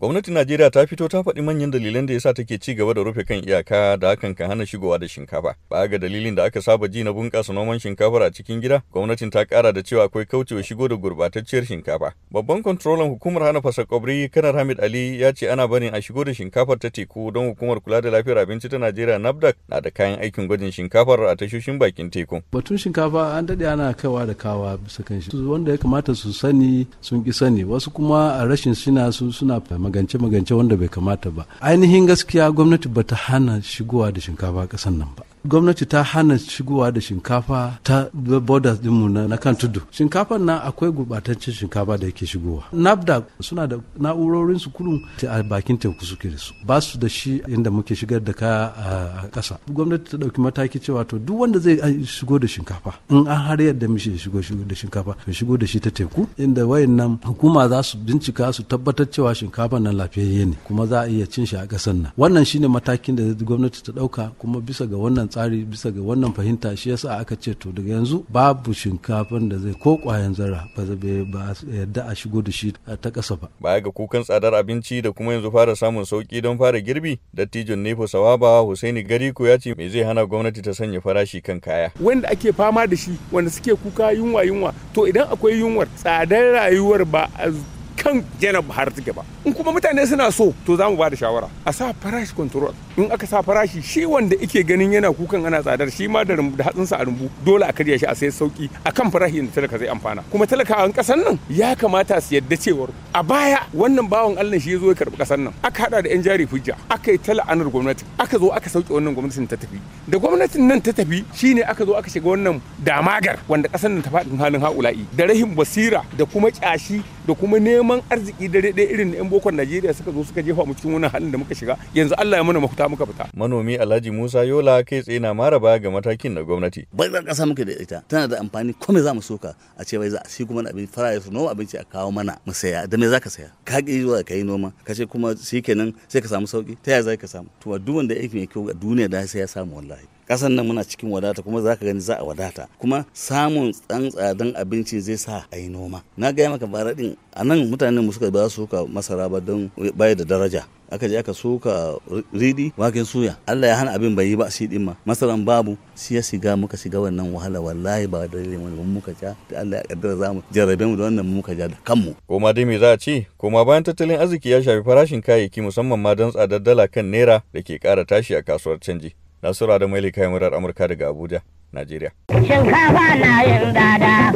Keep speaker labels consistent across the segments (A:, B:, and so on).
A: Gwamnatin Najeriya ta fito ta faɗi manyan dalilan da yasa take ci gaba da rufe kan iyaka da hakan kan hana shigowa da shinkafa. Ba ga dalilin da aka saba ji na bunƙasa noman shinkafar a cikin gida, gwamnatin ta ƙara da cewa akwai kaucewa shigo da gurbatacciyar shinkafa. Babban kontrolan hukumar hana fasa kwabri kanar Hamid Ali ya ce ana barin a shigo da shinkafar ta teku don hukumar kula da lafiyar abinci ta Najeriya NAFDAC na da kayan aikin gwajin shinkafar a tashoshin bakin teku.
B: Batun shinkafa an daɗe ana kaiwa da kawa bisa kan shi. Wanda ya kamata su sani sun ki sani, wasu kuma a rashin suna su suna magance magance wanda bai kamata ba ainihin gaskiya gwamnati bata hana shigowa da shinkafa kasan nan ba gwamnati ta hana shigowa da shinkafa ta borders dinmu na kan tudu shinkafa na akwai gurɓataccen shinkafa da yake shigowa nafda suna da na'urorin su kullum a bakin teku suke da su ba su da shi inda muke shigar da kaya a ƙasa gwamnati ta dauki mataki cewa to duk wanda zai shigo da shinkafa in an har yadda mishi shigo da shinkafa to shigo da shi ta teku inda wayannan hukuma za su bincika su tabbatar cewa shinkafa nan lafiyayye ne kuma za a iya cin shi a ƙasar nan wannan shine matakin da gwamnati ta dauka kuma bisa ga wannan tsari bisa ga wannan fahimta shi yasa aka ce to daga yanzu babu shinkafan da zai ko kwayan zara ba zai ba yadda a shigo da shi ta kasa ba
A: baya ga kukan tsadar abinci da kuma yanzu fara samun sauki don fara girbi dattijon Nefo sawaba husaini gariko ya ce me
C: zai hana gwamnati ta sanya farashi kan kaya wanda ake fama da shi wanda suke kuka yunwa yunwa to idan akwai yunwar tsadar rayuwar ba a kan jana har take ba in kuma mutane suna so to za mu ba da shawara a sa farashi control in aka sa farashi shi wanda ike ganin yana kukan ana tsadar shi ma da hatsinsa a rumbu dole a karya shi a sai sauki akan farashi da talaka zai amfana kuma talakawan kasan nan ya kamata su yadda cewar a baya wannan bawan Allah shi ya zo ya karbi kasan nan aka hada da yan jari hujja aka yi tala'anar gwamnati aka zo aka sauke wannan gwamnatin ta tafi da gwamnatin nan ta tafi shine aka zo aka shiga wannan damagar wanda kasan nan ta faɗin halin haula'i da rahin basira da kuma kyashi da kuma neman arziki da dai irin 'yan bokon Najeriya suka zo suka jefa mu cikin wannan halin da muka shiga yanzu Allah ya mana mafuta muka fita
A: manomi Alhaji Musa Yola kai tsaye na maraba ga matakin na gwamnati baƙar kasa muka da ita tana da amfani kome za mu soka a
D: ce bai za a shi kuma abin fara ya suno abinci a kawo mana mu saya da me za ka saya ka ki zuwa ka yi noma ka ce kuma shi kenan sai ka samu sauki ta yaya za ka samu to duk wanda aiki mai kyau a duniya da sai ya samu wallahi kasan nan muna cikin wadata kuma za ka gani za a wadata kuma samun tsan tsadan abinci zai sa a yi noma na gaya maka bara din a nan mutanen mu suka ba su ka masara ba don baya da daraja aka je aka soka ridi waken suya Allah ya hana abin bai yi ba shi din ma masaran babu shi ya shiga muka shiga wannan wahala wallahi ba dalilin wani muka ja da Allah ya
A: kaddara zamu jarrabe mu da wannan muka ja da kanmu ko ma dai me za a ci ko ma Koma bayan tattalin arziki ya shafi farashin kayayyaki musamman ma don tsadar dala kan naira da ke ƙara tashi a kasuwar canji. Nasiru da Maili kayan murar Amurka daga Abuja, Najeriya.
D: Shinkafa na yin dada,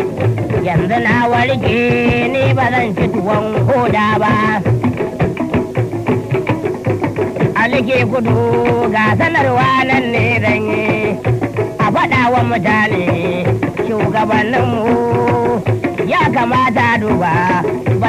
D: yanzu na warke ni ba zan ci tuwon hoda ba. Alike gudu ga sanarwa nan ne yi a faɗa wa mutane shugabanninmu ya kamata duba